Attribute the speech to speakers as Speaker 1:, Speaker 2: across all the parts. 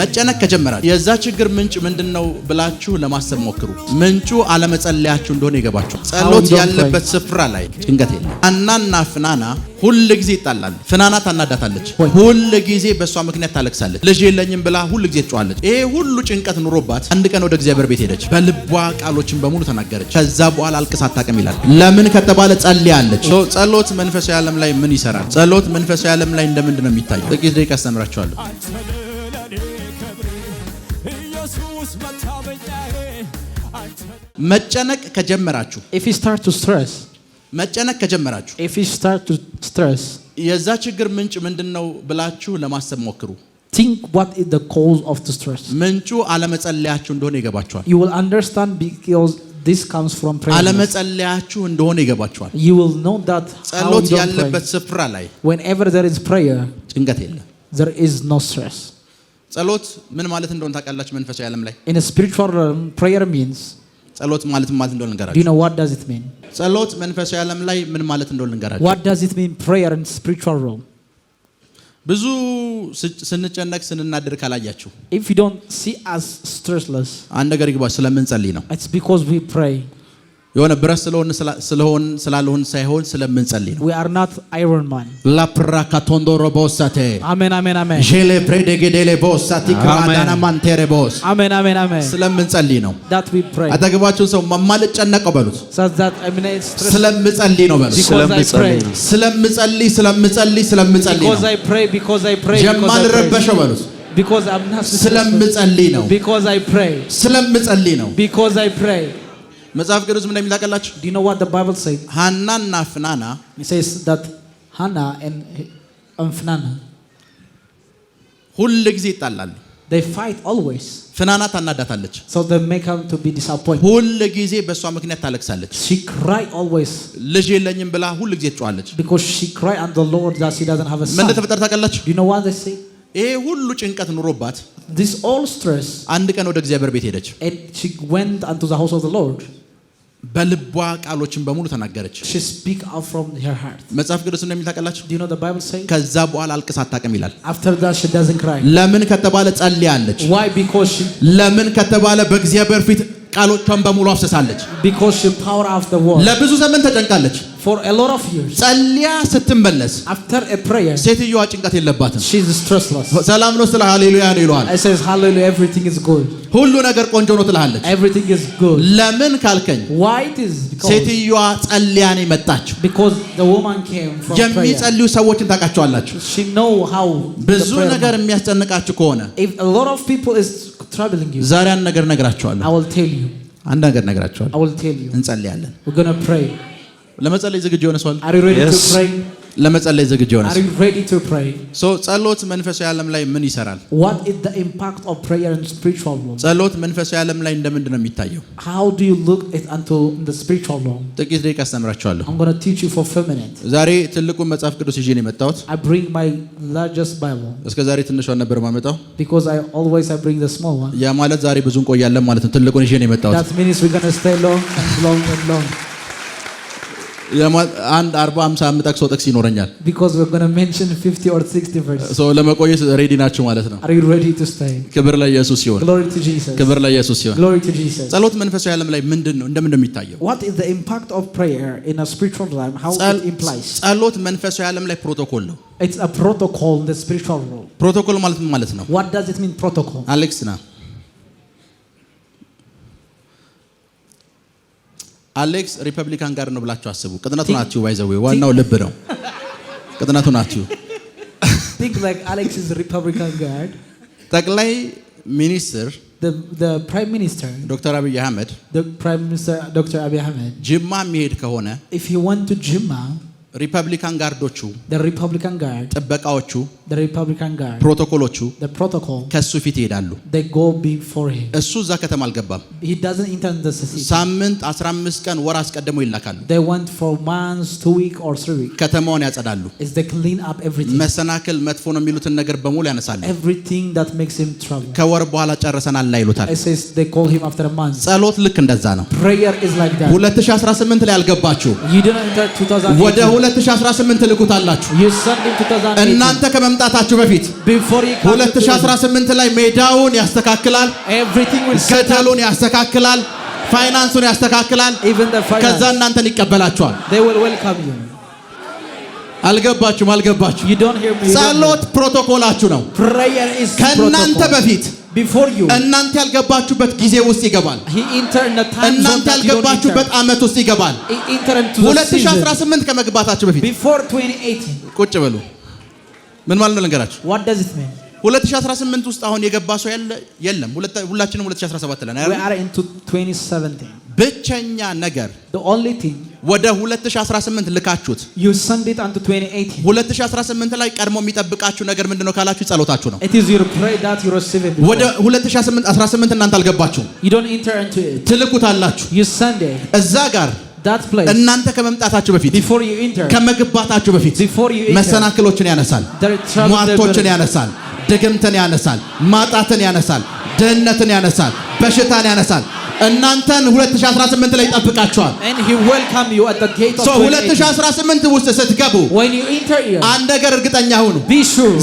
Speaker 1: መጨነቅ ከጀመራ የዛ ችግር ምንጭ ምንድን ነው ብላችሁ ለማሰብ ሞክሩ። ምንጩ አለመጸለያችሁ እንደሆነ ይገባችሁ። ጸሎት ያለበት ስፍራ ላይ ጭንቀት የለም። አናና ፍናና ሁል ጊዜ ይጣላል። ፍናና ታናዳታለች፣ ሁል ጊዜ በእሷ ምክንያት ታለቅሳለች። ልጅ የለኝም ብላ ሁል ጊዜ ትጮኻለች። ይሄ ሁሉ ጭንቀት ኑሮባት አንድ ቀን ወደ እግዚአብሔር ቤት ሄደች። በልቧ ቃሎችን በሙሉ ተናገረች። ከዛ በኋላ አልቅስ አታውቅም ይላል። ለምን ከተባለ ጸልያለች። ጸሎት መንፈሳዊ ዓለም ላይ ምን ይሰራል? ጸሎት መንፈሳዊ ዓለም ላይ እንደምንድን ነው የሚታየው? ጥቂት ደቂቃ አስተምራችኋለሁ። መጨነቅ ከጀመራችሁ if you start to stress መጨነቅ ከጀመራችሁ if you start to stress የዛ ችግር ምንጭ ምንድነው ብላችሁ ለማሰብ ሞክሩ cause of the stress ምንጩ አለመጸለያችሁ እንደሆነ ይገባችኋል you will understand because this comes from አለመጸለያችሁ እንደሆነ ይገባችኋል you will know that ጸሎት ያለበት ስፍራ ላይ whenever there is prayer ጭንቀት የለም there is no stress ጸሎት ምን ማለት እንደሆነ ታውቃላችሁ? መንፈሳዊ ዓለም ላይ in a spiritual realm prayer means ጸሎት ማለት ምን ማለት እንደሆነ ንገራችሁ። do you know what does it mean ጸሎት መንፈሳዊ ዓለም ላይ ምን ማለት እንደሆነ ንገራችሁ። what does it mean prayer in spiritual realm ብዙ ስንጨነቅ ስንናደር ካላያችሁ if you don't see us stressless አንድ ነገር ይግባ ስለምንጸልይ ነው it's because we pray የሆነ ብረት ስለሆን ስለሆን ስላልሆን ሳይሆን ስለምንጸልይ ነው። we are not iron man la praka tondo robosate amen amen amen jele predege dele bosati kradana mantere bos amen amen amen ስለምንጸልይ ነው። that we pray አጠገባችሁን ሰው ማማልጨነቀው በሉት። so that I mean ስለምጸልይ ነው በሉት። ስለምጸልይ ስለምጸልይ ስለምጸልይ ስለምጸልይ because I pray because I pray የማልረበሸው በሉት because I'm not ስለምጸልይ ነው because I pray ስለምጸልይ ነው because I pray መጽሐፍ ቅዱስ ምን do you know what the bible said and ፍናና it says that hannah and um, and ሁል ጊዜ ይጣላሉ they fight always ፍናና ታናዳታለች so they make her to be disappointed ሁል ጊዜ በእሷ ምክንያት ታለቅሳለች she cry always ልጅ የለኝም ብላ ሁል ጊዜ ትጮሃለች because she cry and the lord that she doesn't have a son ምን ታውቃላችሁ do you know what they say ይሄ ሁሉ ጭንቀት ኑሮባት this all stress አንድ ቀን ወደ እግዚአብሔር ቤት ሄደች she went unto the house of the lord በልቧ ቃሎችን በሙሉ ተናገረች። መጽሐፍ ቅዱስ እንደሚል ከዛ በኋላ አልቅስ አታቅም ይላል። ለምን ከተባለ ጸልያለች። ለምን ከተባለ በእግዚአብሔር ፊት ቃሎቿን በሙሉ አፍሰሳለች። ለብዙ ዘመን ተጨንቃለች። ጸልያ ስትመለስ ሴትዮዋ ጭንቀት የለባትም። ሰላም ነው ስለ ሃሌሉያ ነው ይለዋል። ሁሉ ነገር ቆንጆ ነው ትልሃለች። ለምን ካልከኝ ሴትዮዋ ጸልያ ነው የመጣችው። የሚጸልዩ ሰዎችን ታውቃቸዋላችሁ። ብዙ ነገር የሚያስጨንቃችሁ ከሆነ ዛሬ አንድ ነገር እነግራችኋለሁ። አንድ ነገር እነግራችኋለሁ። እንጸልያለን ለመጸለይ ዝግጁ የሆነ ሰው ለመጸለይ ዝግጁ የሆነ ሰው። ጸሎት መንፈሳዊ ዓለም ላይ ምን ይሰራል? ጸሎት መንፈሳዊ ዓለም ላይ እንደምንድን ነው የሚታየው? ጥቂት ደቂቃ አስተምራችኋለሁ። ዛሬ ትልቁን መጽሐፍ ቅዱስ ይዤ ነው የመጣሁት። እስከ ዛሬ ትንሿን ነበር የማመጣው። ያ ማለት ዛሬ ብዙ እንቆያለን ማለት ነው። ትልቁን ይዤ ነው የመጣሁት። አንድ 40 50 የምጠቅሰው ጥቅስ ይኖረኛል። ለመቆየት ሬዲ ናቸው ማለት ነው። ክብር ለኢየሱስ ይሁን። ክብር ለኢየሱስ ይሁን። ጸሎት መንፈሳዊ ዓለም ላይ ምንድን ነው እንደምን እንደሚታየው ጸሎት መንፈሳዊ ዓለም ላይ ፕሮቶኮል ነው። ፕሮቶኮል ማለት ምን ማለት ነው? አሌክስ ና አሌክስ ሪፐብሊካን ጋር ነው ብላችሁ አስቡ። ቅጥነቱ ናችሁ፣ ባይዘዌ ዋናው ልብ ነው። ቅጥነቱ ናችሁ። ጠቅላይ ሚኒስትር ዶክተር አብይ አህመድ ጅማ የሚሄድ ከሆነ ሪፐብሊካን ጋርዶቹ ጥበቃዎቹ ፕሮቶኮሎቹ ከእሱ ፊት ይሄዳሉ። እሱ እዛ ከተማ አልገባም። ሳምንት 15 ቀን ወር አስቀድሞ ይላካሉ። ከተማውን ያጸዳሉ። መሰናክል፣ መጥፎ ነው የሚሉትን ነገር በሙሉ ያነሳሉ። ከወር በኋላ ጨርሰናል ና ይሉታል። ጸሎት ልክ እንደዛ ነው። 2018 ላይ አልገባችሁ ወደ 2018 ልኩታላችሁ። እናንተ ከመምጣታችሁ በፊት 2018 ላይ ሜዳውን ያስተካክላል፣ ገደሉን ያስተካክላል፣ ፋይናንሱን ያስተካክላል። ከዛ እናንተን ይቀበላችኋል። አልገባችሁም? አልገባችሁ ጸሎት ፕሮቶኮላችሁ ነው። ከእናንተ በፊት እናንተ ያልገባችሁበት ጊዜ ውስጥ ይገባል። እናንተ ያልገባችሁበት ዓመት ውስጥ ይገባል። 2018 ከመግባታችሁ በፊት ቁጭ በሉ። ምን ማለት ነው ልንገራችሁ። 2018 ውስጥ አሁን የገባ ሰው ያለ የለም። ሁላችንም 2017 ብቸኛ ነገር ወደ 2018 ልካችሁት 2018 ላይ ቀድሞ የሚጠብቃችሁ ነገር ምንድን ነው ካላችሁ ጸሎታችሁ ነው። ወደ 2018 እናንተ አልገባችሁም፣ ትልኩታላችሁ እዛ ጋር እናንተ ከመምጣታችሁ በፊት ከመግባታችሁ በፊት መሰናክሎችን ያነሳል፣ ሟርቶችን ያነሳል፣ ድግምትን ያነሳል፣ ማጣትን ያነሳል። ድህነትን ያነሳል፣ በሽታን ያነሳል። እናንተን 2018 ላይ ይጠብቃችኋል። 2018 ውስጥ ስትገቡ አንድ ነገር እርግጠኛ ሁኑ።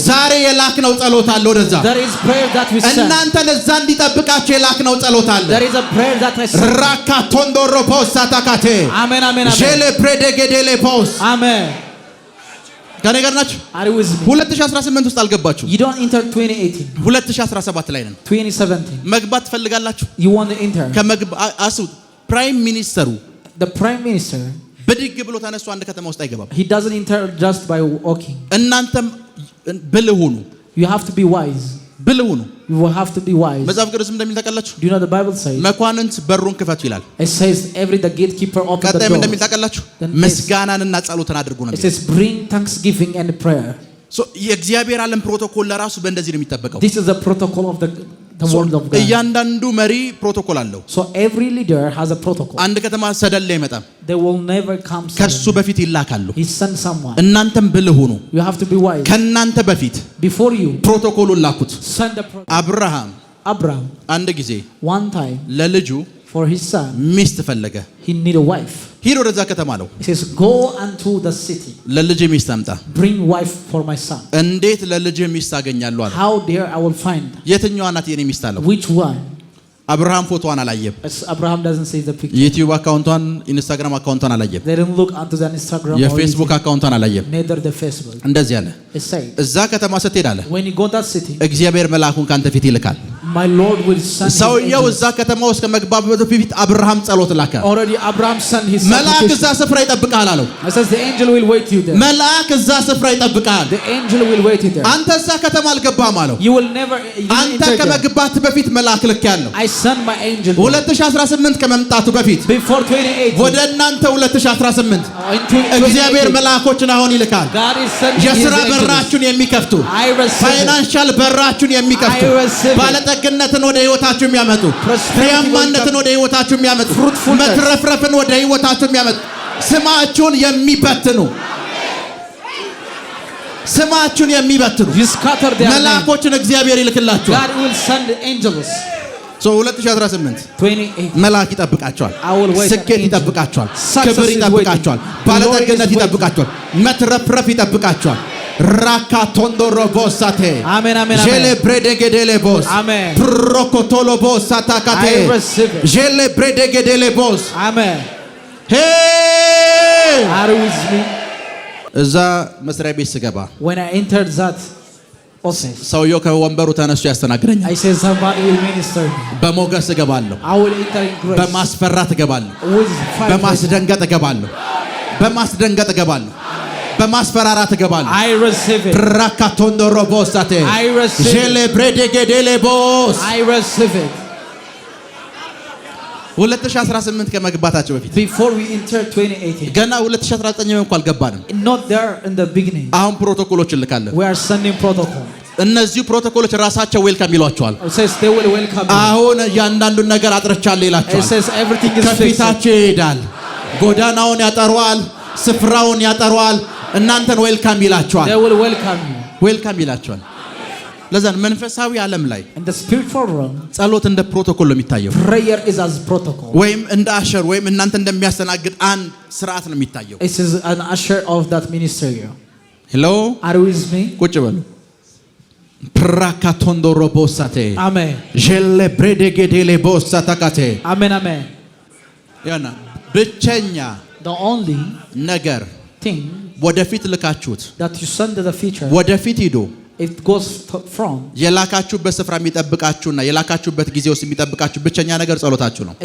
Speaker 1: ዛሬ የላክነው ጸሎት አለ። ወደዛ እናንተን እዛ እንዲጠብቃችሁ የላክነው ጸሎት አለ። ራካ ቶንዶሮ ፖስ ሳታካቴ ሌ ፕሬደጌዴሌ ፖስ ከኔ ጋር ናችሁ? 2018 ውስጥ አልገባችሁ። 2017 ላይ ነን። መግባት ትፈልጋላችሁ? አስቡ። ፕራይም ሚኒስተሩ ብድግ ብሎ ተነሱ አንድ ከተማ ውስጥ አይገባም። እናንተም ብልህ ሁኑ። ብልው ነው። መጽሐፍ ቅዱስ እንደሚል ታውቃላችሁ፣ መኳንንት በሩን ክፈቱ ይላል። ቀጣይም እንደሚል ታውቃላችሁ፣ ምስጋናንና ጸሎትን አድርጉ ነው። የእግዚአብሔር ዓለም ፕሮቶኮል ለራሱ በእንደዚህ ነው የሚጠበቀው እያንዳንዱ መሪ ፕሮቶኮል አለው። አንድ ከተማ ሰደል ላይ አይመጣም። ከሱ በፊት ይላካሉ። እናንተም ብል ሁኑ። ከእናንተ በፊት ፕሮቶኮሉን ላኩት። አብርሃም አንድ ጊዜ ለልጁ ሚስት ፈለገ። ሂድ ወደዛ ከተማ አለው። ለልጄ ሚስት አምጣ። እንዴት ለልጄ ሚስት አገኛለሁ አለ። የትኛዋ ናት የኔ ሚስት አለው። አብርሃም ፎቶዋን አላየም። ዩቲዩብ አካውንቷን፣ ኢንስታግራም አካውንቷን አላየም። የፌስቡክ አካውንቷን አላየም። እንደዚህ አለ። እዛ ከተማ ስትሄድ አለ እግዚአብሔር መልአኩን ከአንተ ፊት ይልካል። ሰውየው እዛ ከተማ ውስጥ ከመግባቱ በፊት አብርሃም ጸሎት ላከ። መልአክ እዛ ስፍራ ይጠብቃል አለው። መልአክ እዛ ስፍራ ይጠብቃል። አንተ እዛ ከተማ አልገባም አለው። አንተ ከመግባት በፊት መልአክ ልክ ያለው 2018 ከመምጣቱ በፊት ወደ እናንተ 2018 እግዚአብሔር መልአኮችን አሁን ይልካል። የስራ በራችሁን የሚከፍቱ ፋይናንሻል በራችሁን የሚከፍቱ ባለጠ ባለጠግነትን ወደ ህይወታችሁ የሚያመጡ ፍሬያማነትን ወደ ህይወታችሁ የሚያመጡ መትረፍረፍን ወደ ህይወታችሁ የሚያመጡ ስማችሁን የሚበትኑ ስማችሁን የሚበትኑ መልአኮችን እግዚአብሔር ይልክላችኋል። 2018 መልአክ ይጠብቃቸዋል። ስኬት ይጠብቃቸዋል። ክብር ይጠብቃቸዋል። ባለጠግነት ይጠብቃቸዋል። መትረፍረፍ ይጠብቃቸዋል። ራካቶንዶ ሮቦሳቴ ጀሌ ብሬደጌዴሌ ቦስ ፕሮኮቶሎ ቦስ አታካቴ ጀሌ ብሬደጌዴሌ ቦስ እዛ መስሪያ ቤት ስገባ ሰውየው ከወንበሩ ተነስቶ ያስተናግደኛል። በሞገስ እገባለሁ፣ በማስፈራት እገባለሁ፣ በማስደንገጥ እገባለሁ፣ በማስደንገጥ እገባለሁ። በማስፈራራት እገባለሁ። ራካቶንዶ ሮቦሳቴ ሌብሬዴጌዴሌቦስ 2018 ከመግባታቸው በፊት ገና 2019 እንኳን አልገባንም። አሁን ፕሮቶኮሎች እልካለን። እነዚሁ ፕሮቶኮሎች ራሳቸው ዌልካም ይሏቸዋል። አሁን እያንዳንዱን ነገር አጥርቻለሁ ይላቸዋል። ከፊታቸው ይሄዳል። ጎዳናውን ያጠሯል ስፍራውን ያጠሯል እናንተን ዌልካም ይላቸዋል። ዌልካም ይላችኋል ለዛን መንፈሳዊ ዓለም ላይ ጸሎት እንደ ፕሮቶኮል ነው የሚታየው፣ ወይም እንደ አሸር ወይም እናንተ እንደሚያስተናግድ አንድ ስርዓት ነው የሚታየው። ሄሎ ቁጭ በሉ። ፕራካቶንዶሮ ቦሳቴ ጀሌ ብሬዴጌዴሌ ቦሳታካቴ ብቸኛ ነገር ወደፊት ልካችሁት ወደፊት ሂዱ። የላካችሁበት ስፍራ የሚጠብቃችሁና የላካችሁበት ጊዜ ውስጥ የሚጠብቃችሁ ብቸኛ ነገር ጸሎታችሁ ነው።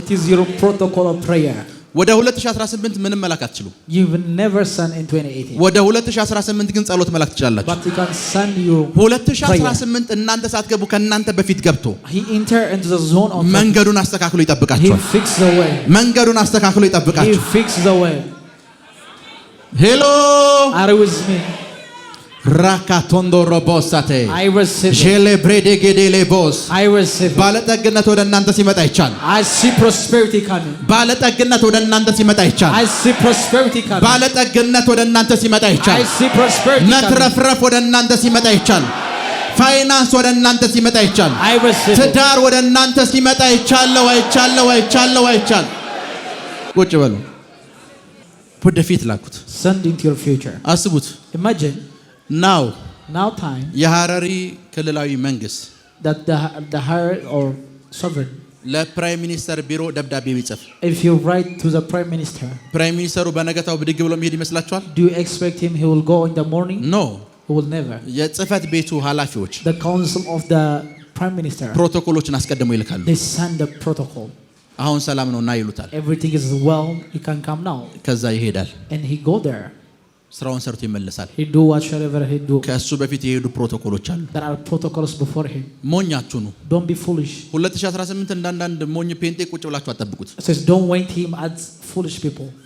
Speaker 1: ወደ 2018 ምንም መላክ አትችሉም። ወደ 2018 ግን ጸሎት መላክ ትችላላችሁ። 2018 እናንተ ሳትገቡ ከእናንተ በፊት ገብቶ መንገዱን አስተካክሎ ይጠብቃችኋል። መንገዱን አስተካክሎ ይጠብቃችኋል። ሄሎ ራካቶንዶ ሮቦሳቴ ሼሌ ብሬዴ ጌዴሌ ቦስ ባለጠግነት ወደ እናንተ ሲመጣ ይቻል። ባለጠግነት ወደ እናንተ ሲመጣ ይቻል። ባለጠግነት ወደ እናንተ ሲመጣ ይቻል። መትረፍረፍ ወደ እናንተ ሲመጣ ይቻል። ፋይናንስ ወደ እናንተ ሲመጣ ይቻል። ትዳር ወደ እናንተ ሲመጣ ይቻለው አይቻለው አይቻለው አይቻል። ቁጭ በሉ። ወደፊት ላኩት። አስቡት ናው የሀረሪ ክልላዊ መንግስት ለፕራይም ሚኒስተር ቢሮ ደብዳቤ ቢጽፍ ፕራይም ሚኒስተሩ በነገታው ብድግ ብሎ መሄድ ይመስላችኋል? ኖ የጽህፈት ቤቱ ኃላፊዎች ፕሮቶኮሎችን አስቀድመው ይልካሉ። አሁን ሰላም ነው እና ይሉታል። ከዛ ይሄዳል። ስራውን ሰርቶ ይመለሳል። ከእሱ በፊት የሄዱ ፕሮቶኮሎች አሉ። ሞኝ አትሁኑ። 2018 እንዳንዳንድ ሞኝ ፔንጤ ቁጭ ብላችሁ አጠብቁት።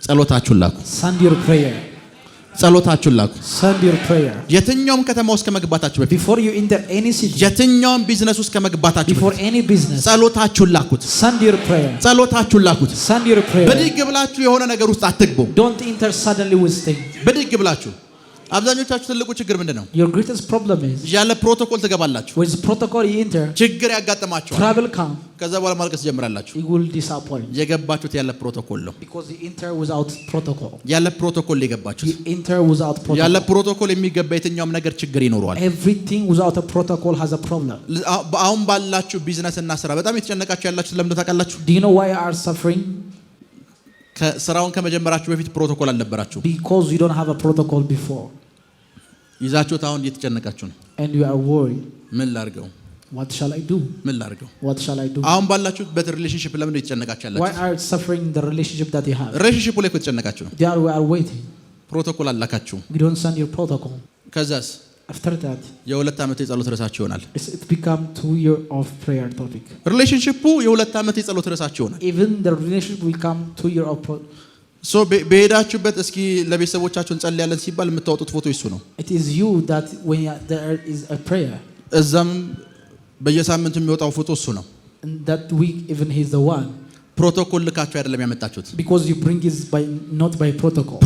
Speaker 1: ጸሎታችሁን ላኩ። ጸሎታችሁን ላኩ። የትኛውም ከተማ ውስጥ ከመግባታችሁ በፊት የትኛውም ቢዝነስ ውስጥ ከመግባታችሁ በፊት ጸሎታችሁን ላኩት። ጸሎታችሁን ላኩት። ብድግ ብላችሁ የሆነ ነገር ውስጥ አትግቡ። ብድግ ብላችሁ አብዛኞቻችሁ ትልቁ ችግር ምንድን ነው? ያለ ፕሮቶኮል ትገባላችሁ። ችግር ያጋጥማችኋል። ከዛ በኋላ ማልቀስ ጀምራላችሁ። የገባችሁት ያለ ፕሮቶኮል ነው። ያለ ፕሮቶኮል የገባችሁት። ያለ ፕሮቶኮል የሚገባ የትኛውም ነገር ችግር ይኖረዋል። አሁን ባላችሁ ቢዝነስ እና ስራ በጣም የተጨነቃችሁ ያላችሁ ለምደ ታውቃላችሁ። ስራውን ከመጀመራችሁ በፊት ፕሮቶኮል አልነበራችሁ። ይዛችሁት አሁን እየተጨነቃችሁ ነው። ምን ላድርገው? ምን ላድርገው? አሁን ባላችሁበት ሪሌሽንሽፕ ለምን እየተጨነቃችሁ ያላችሁ? ሪሌሽንሽፑ ላይ ተጨነቃችሁ ነው። ፕሮቶኮል አላካችሁ። ከዛስ የሁለት ዓመት የጸሎት ርዕሳችሁ ይሆናል። ሪሌሽንሽፑ የሁለት ዓመት የጸሎት ርዕሳችሁ ይሆናል። በሄዳችሁበት እስኪ ለቤተሰቦቻችሁ እንጸልያለን ሲባል የምታወጡት ፎቶ እሱ ነው። እዛም በየሳምንቱ የሚወጣው ፎቶ እሱ ነው። ፕሮቶኮል ልካችሁ አይደለም ያመጣችሁት።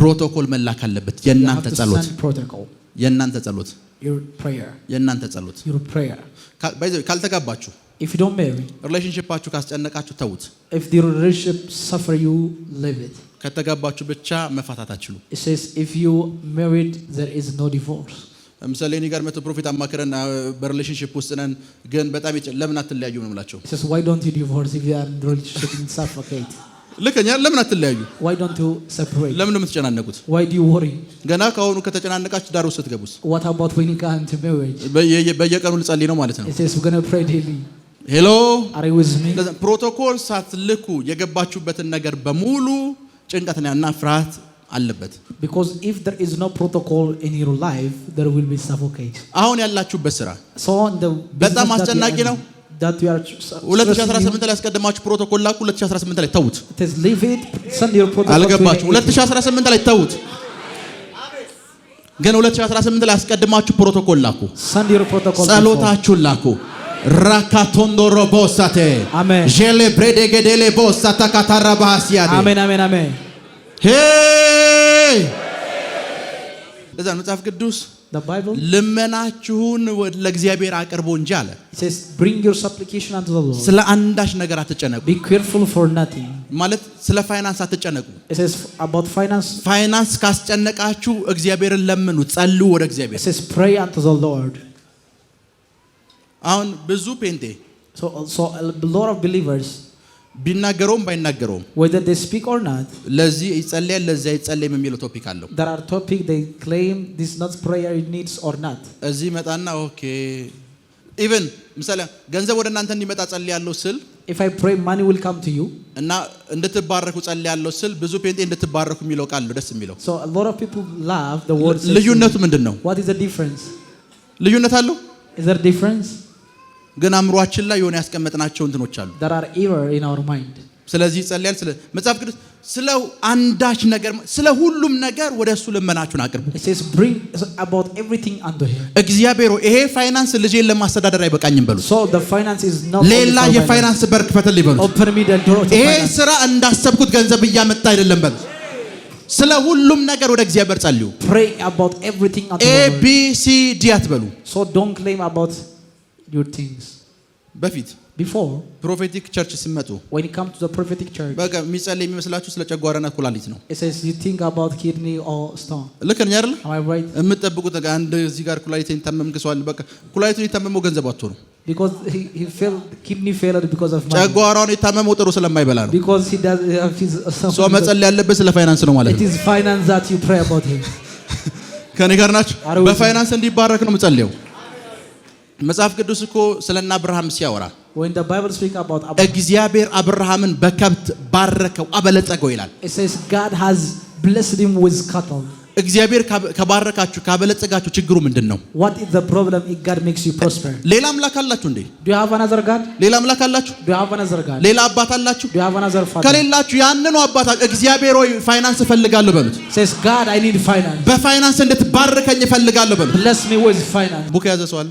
Speaker 1: ፕሮቶኮል መላክ አለበት። የእናንተ ጸሎት የእናንተ ጸሎት የእናንተ ጸሎት ካልተጋባችሁ ሪሌሽንሽፓችሁ ካስጨነቃችሁ ተዉት። ከተጋባችሁ ብቻ መፋታት አትችሉም። it says if you married there is no divorce ለምሳሌ እኔ ጋር መቶ ፕሮፌት አማክረን በሪሌሽንሺፕ ውስጥ ነን፣ ግን በጣም ይጭ ለምን አትለያዩ ነው የምላቸው። it says why don't you divorce if you are in relationship and suffocate ልከኛ ለምን አትለያዩ? why don't you separate ለምን ነው የምትጨናነቁት? why do you worry ገና ከአሁኑ ከተጨናነቃችሁ ዳሩ ስትገቡስ? what about when you come to marriage በየቀኑ ልጸልይ ነው ማለት ነው። it says we're going to pray daily ሄሎ ፕሮቶኮል ሳትልኩ የገባችሁበትን ነገር በሙሉ ጭንቀት እና ፍርሃት አለበት። because if there is no protocol in your life there will be suffocate። አሁን ያላችሁበት ስራ በጣም አስጨናቂ ነው። 2018 ላይ ያስቀደማችሁ ፕሮቶኮል ላኩ። 2018 ላይ ተዉት። አልገባችሁ። 2018 ላይ ተዉት። ግን 2018 ላይ ያስቀድማችሁ ፕሮቶኮል ላኩ። ጸሎታችሁን ላኩ። ራካቶንዶ ሮቦሳቴ ዤሌ ብሬደገዴሌ ቦሳታ ካታራ ባህስያዴ አሜን አሜን አሜን። ለዛ መጽሐፍ ቅዱስ ልመናችሁን ለእግዚአብሔር አቅርቦ እንጂ አለ። ስለ አንዳች ነገር አትጨነቁ ማለት ስለ ፋይናንስ አትጨነቁ። ፋይናንስ ካስጨነቃችሁ እግዚአብሔርን ለምኑ፣ ጸልዩ ወደ እግዚአብሔር አሁን ብዙ ፔንቴ ቢናገረውም ባይናገረውም ለዚህ ይጸለያል ለዚህ አይጸለይም የሚለው ቶፒክ አለው። እዚህ መጣና ኦኬ ኢቨን ምሳሌ ገንዘብ ወደ እናንተ እንዲመጣ ጸልያለሁ ስል እና እንድትባረኩ ጸልያለሁ ስል ብዙ ፔንጤ እንድትባረኩ የሚለው ቃል ደስ የሚለው ልዩነቱ ምንድን ነው? ልዩነት አለው? ግን አእምሯችን ላይ የሆነ ያስቀመጥናቸው እንትኖች አሉ። ስለዚህ ይጸልያል። ስለ መጽሐፍ ቅዱስ ስለ አንዳች ነገር ስለ ሁሉም ነገር ወደ እሱ ልመናችሁን አቅርቡ። እግዚአብሔር ይሄ ፋይናንስ ልጄን ለማስተዳደር አይበቃኝም በሉ። ሌላ የፋይናንስ በር ክፈትልኝ በሉ። ይሄ ስራ እንዳሰብኩት ገንዘብ እያመጣ አይደለም በሉ። ስለ ሁሉም ነገር ወደ እግዚአብሔር ጸልዩ። ኤ አትበሉ። በፊት ፕሮፌቲክ ቸርች ሲመጡ በቃ የሚመስላችሁ ስለ ጨጓራና ኩላሊት ነው። ልክ ነኝ አይደል? የምትጠብቁት ነገር አንድ እዚህ ጋር ኩላሊት የታመመ ኩላሊቱን የታመመው ገንዘብ አቶ ነው። ጨጓራውን የታመመው ጥሩ ስለማይበላ ነው። uh, uh, ሰው ያለበት ስለ ፋይናንስ ነው ማለት ነው። ከኔ ጋር ናቸው። በፋይናንስ እንዲባረክ ነው የምጸልየው መጽሐፍ ቅዱስ እኮ ስለና አብርሃም ሲያወራ እግዚአብሔር አብርሃምን በከብት ባረከው አበለጸገው ይላል። እግዚአብሔር ከባረካችሁ ካበለጸጋችሁ ችግሩ ምንድን ነው? ሌላ አምላክ አላችሁ እንዴ? ሌላ አምላክ አላችሁ? ሌላ አባት አላችሁ? ከሌላችሁ ያንኑ አባት እግዚአብሔር ሆይ ፋይናንስ እፈልጋለሁ በሉት። በፋይናንስ እንድትባርከኝ እፈልጋለሁ በሉት። ቡክ የያዘ ሰው አለ?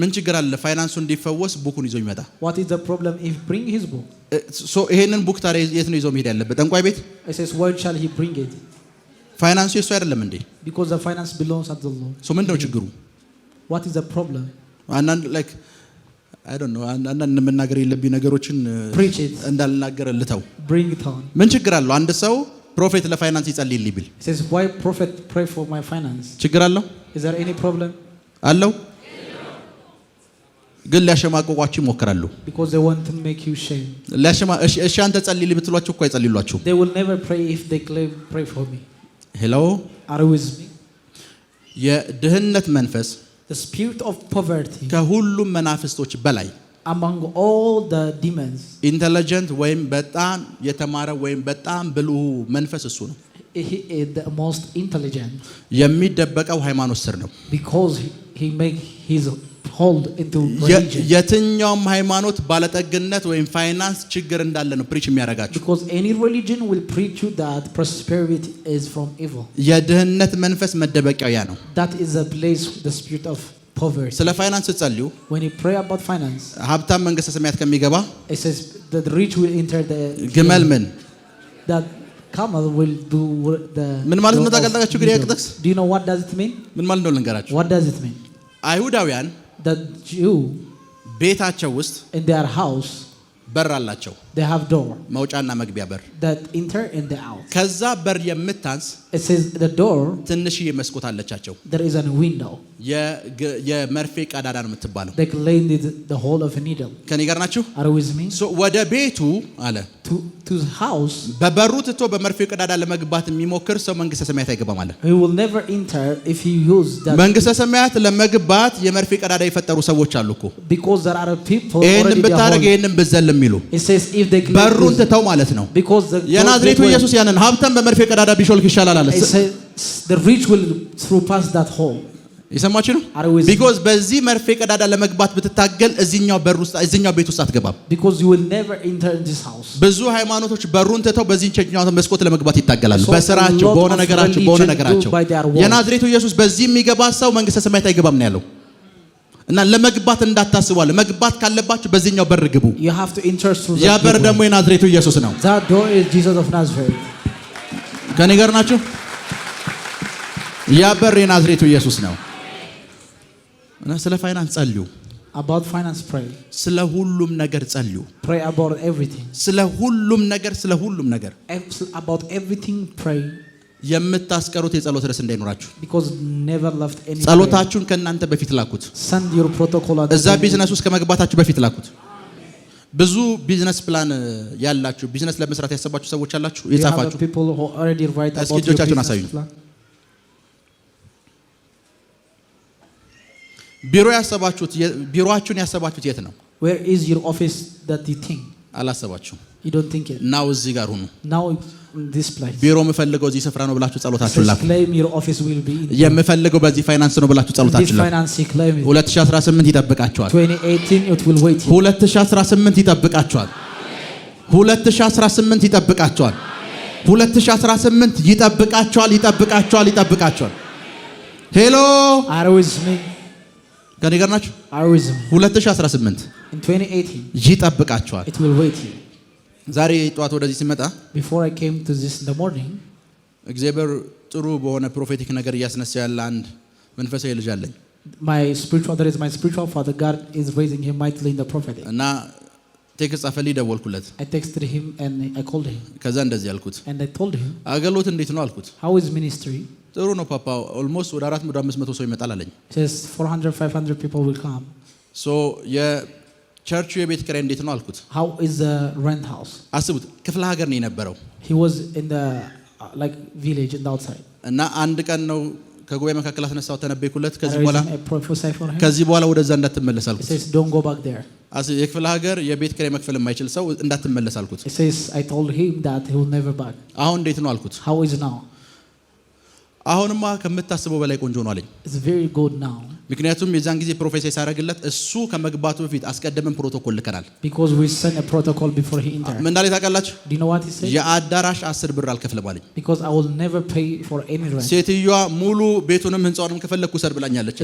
Speaker 1: ምን ችግር አለ? ፋይናንሱ እንዲፈወስ ቡኩን ይዞ ይመጣ። what is the problem if bring his book so ይሄንን ቡክ ታዲያ የት ነው ይዞ መሄድ ያለበት? ጠንቋይ ቤት it says where shall he bring it ፋይናንሱ የሱ አይደለም እንዴ? because the finance belongs at the Lord so ምንድነው ችግሩ? what is the problem አንዳንድ like አይ ዶንት ኖ አንዳንድ መናገር የለብኝ ነገሮችን እንዳልናገር ልተው። bring it on ምን ችግር አለው? አንድ ሰው ፕሮፌት ለፋይናንስ ይጸልይልኝ ቢል it says why prophet pray for my finance ችግር አለው? is there any problem አለው? ግን ሊያሸማቀቋችሁ ይሞክራሉ። እሺ አንተ ጸልይ ብትሏቸው እኮ አይጸልሏችሁም። ሄሎ የድህነት መንፈስ ከሁሉም መናፍስቶች በላይ ኢንተለጀንት ወይም በጣም የተማረ ወይም በጣም ብልሁ መንፈስ እሱ ነው። የሚደበቀው ሃይማኖት ስር ነው። የትኛውም ሃይማኖት ባለጠግነት ወይም ፋይናንስ ችግር እንዳለ ነው ፕሪች የሚያደርጋቸው። የድህነት መንፈስ መደበቂያው ያ ነው። ስለ ፋይናንስ ጸልዩ። ሀብታም መንግስተ ሰማያት ከሚገባ ግመል ምን ምን ማለት ነው? ታውቃላችሁ? ግን ያ ምን ማለት ነው ልንገራችሁ። አይሁዳውያን ቤታቸው ውስጥ በር አላቸው። መውጫና መግቢያ በር። ከዛ በር የምታንስ ትንሽዬ መስኮት አለቻቸው። የመርፌ ቀዳዳ ነው የምትባለው። ከኔ ጋር ናችሁ? ወደ ቤቱ አለ በበሩ ትቶ በመርፌ ቀዳዳ ለመግባት የሚሞክር ሰው መንግስተ ሰማያት አይገባም አለ። መንግስተ ሰማያት ለመግባት የመርፌ ቀዳዳ የፈጠሩ ሰዎች አሉ እኮ ይህንን ብታደርግ ይህንን ብዘል የሚሉ በሩን ትተው ማለት ነው። የናዝሬቱ ኢየሱስ ያንን ሀብታም በመርፌ ቀዳዳ ቢሾልክ ይሻላል አለ። የሰማችሁ ነው። ቢኮዝ በዚህ መርፌ ቀዳዳ ለመግባት ብትታገል እዚኛው በር ውስጥ እዚኛው ቤት ውስጥ አትገባም። ብዙ ሃይማኖቶች በሩን ትተው በዚህኛው መስኮት ለመግባት ይታገላሉ፣ በስራቸው፣ በሆነ ነገራቸው፣ በሆነ ነገራቸው። የናዝሬቱ ኢየሱስ በዚህ የሚገባ ሰው መንግስተ ሰማያት አይገባም ነው ያለው። እና ለመግባት እንዳታስቧል። መግባት ካለባችሁ በዚህኛው በር ግቡ። ያ በር ደግሞ የናዝሬቱ ኢየሱስ ነው። ከኔ ጋር ናችሁ? ያ በር የናዝሬቱ ኢየሱስ ነው። እና ስለ ፋይናንስ ጸልዩ። ስለ ሁሉም ነገር ጸልዩ። ስለ ሁሉም ነገር ስለ ሁሉም ነገር የምታስቀሩት የጸሎት ርዕስ እንዳይኖራችሁ ጸሎታችሁን ከእናንተ በፊት ላኩት። እዛ ቢዝነስ ውስጥ ከመግባታችሁ በፊት ላኩት። ብዙ ቢዝነስ ፕላን ያላችሁ ቢዝነስ ለመስራት ያሰባችሁ ሰዎች አላችሁ የጻፋችሁ፣ እስኪ እጆቻችሁን አሳዩኝ። ቢሮ ያሰባችሁት ቢሮአችሁን ያሰባችሁት የት ነው? አላሰባችሁም። ናው እዚህ ጋር ሁኑ። ቢሮ የምፈልገው እዚህ ስፍራ ነው ብላችሁ ጸሎታችሁን ላኩ። የምፈልገው በዚህ ፋይናንስ ነው ብላችሁ ጸሎታችሁን 2018 ይጠብቃችኋል። 2018 ይጠብቃችኋል። 2018 ይጠብቃችኋል። 2018 ይጠብቃችኋል። ይጠብቃችኋል። ይጠብቃችኋል። ሄሎ ከኔ ጋር ናችሁ? 2018 ይጠብቃችኋል። ዛሬ ጠዋት ወደዚህ ሲመጣ እግዚአብሔር ጥሩ በሆነ ፕሮፌቲክ ነገር እያስነሳ ያለ አንድ መንፈሳዊ ልጅ አለኝ እና ቴክስ ጻፈልኝ፣ ደወልኩለት። ከዛ እንደዚህ አልኩት፣ አገልግሎት እንዴት ነው አልኩት። ጥሩ ነው ፓፓ፣ ኦልሞስት ወደ አራት መቶ አምስት መቶ ሰው ይመጣል አለኝ። ቸርቹ የቤት ክራይ እንዴት ነው አልኩት። How is the rent house? አስቡት ክፍለ ሀገር ነው የነበረው። He was in the uh, like village in the outside. እና አንድ ቀን ነው ከጉባኤ መካከል አስነሳው ተነበይኩለት። ከዚህ በኋላ ከዚህ በኋላ ወደዛ እንዳትመለስ አልኩት። He says don't go back there. አስ የክፍለ ሀገር የቤት ክራይ መክፈል የማይችል ሰው እንዳትመለስ አልኩት። He says I told him that he will never back. አሁን እንዴት ነው አልኩት። How is now? አሁንማ ከምታስበው በላይ ቆንጆ ነው አለኝ። ምክንያቱም የዛን ጊዜ ፕሮፌሰር ሳረግለት እሱ ከመግባቱ በፊት አስቀደምን ፕሮቶኮል ልከናል። ምን እንዳለ ታውቃላችሁ? የአዳራሽ አስር ብር አልከፍልም አለኝ። ሴትዮዋ ሙሉ ቤቱንም ህንፃውንም ከፈለግኩ ሰር ብላኛለች።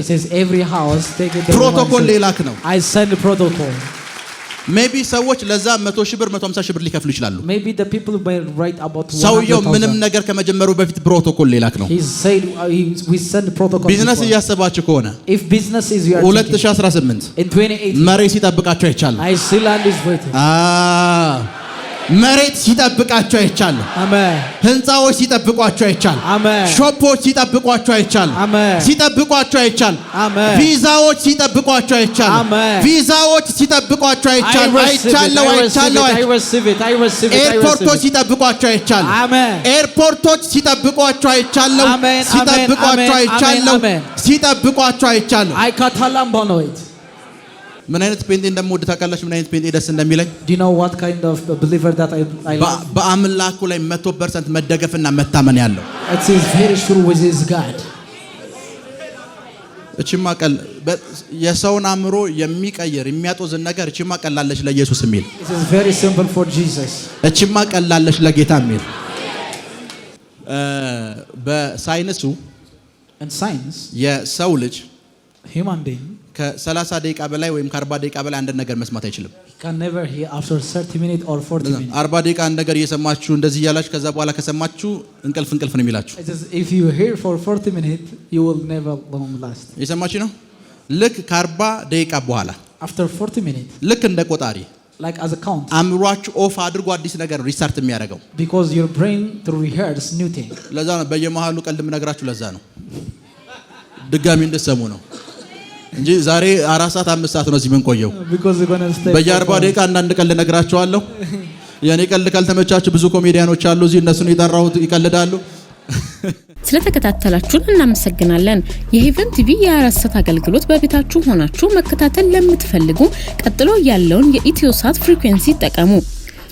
Speaker 1: ፕሮቶኮል ሌላክ ነው ሜቢ ሰዎች ለዛ 100 ሺህ ብር 150 ሺህ ብር ሊከፍሉ ይችላሉ። ሰውየው ምንም ነገር ከመጀመሩ በፊት ፕሮቶኮል ሌላክ ነው። ቢዝነስ uh, እያሰባችሁ ከሆነ 2018 መሬ ሲጠብቃችሁ አይቻልም። መሬት ሲጠብቃቸው አይቻለሁ። ህንፃዎች ሲጠብቋቸው አይቻለሁ። ሾፖች ሲጠብቋቸው አይቻለሁ። ሲጠብቋቸው አይቻለሁ። ቪዛዎች ሲጠብቋቸው አይቻለሁ። ቪዛዎች ሲጠብቋቸው አይቻለሁ። አይቻለሁ። አይቻለሁ። ኤርፖርቶች ሲጠብቋቸው አይቻለሁ። ኤርፖርቶች ሲጠብቋቸው አይቻለሁ። ሲጠብቋቸው አይቻለሁ። ሲጠብቋቸው አይቻለሁ። ምን አይነት ጴንጤ እንደምወድ ታውቃላችሁ? ምን አይነት ጴንጤ ደስ እንደሚለኝ በአምላኩ ላይ መቶ ፐርሰንት መደገፍና መታመን ያለው እቺማ ቀል የሰውን አእምሮ የሚቀይር የሚያጦዝን ነገር እችማ ቀላለች ለኢየሱስ የሚል እቺማ ቀላለች ለጌታ የሚል በሳይንሱ የሰው ልጅ ከ30 ደቂቃ በላይ ወይም ከ40 ደቂቃ በላይ አንድ ነገር መስማት አይችልም። 40 ደቂቃ አንድ ነገር እየሰማችሁ እንደዚህ እያላችሁ ከዛ በኋላ ከሰማችሁ እንቅልፍ እንቅልፍ ነው የሚላችሁ። የሰማችሁ ነው። ልክ ከ40 ደቂቃ በኋላ ልክ እንደ ቆጣሪ አእምሯችሁ ኦፍ አድርጎ አዲስ ነገር ሪስታርት የሚያደርገው ለዛ ነው። በየመሃሉ ቀልድ የምነግራችሁ ለዛ ነው፣ ድጋሚ እንደሰሙ ነው። እንጂ ዛሬ አራት ሰዓት አምስት ሰዓት ነው እዚህ የምንቆየው። በየአርባ ደቂቃ አንዳንድ ቀልድ እነግራቸዋለሁ። የእኔ ቀልድ ካልተመቻችሁ ብዙ ኮሜዲያኖች አሉ እዚህ እነሱን የጠራሁት ይቀልዳሉ። ስለተከታተላችሁን እናመሰግናለን። የሄቨን ቲቪ የአራት ሰዓት አገልግሎት በቤታችሁ ሆናችሁ መከታተል ለምትፈልጉ ቀጥሎ ያለውን የኢትዮሳት ፍሪኩዌንሲ ይጠቀሙ።